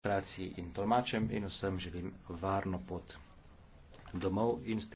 administraciji in tolmačem in vsem želim varno pot domov in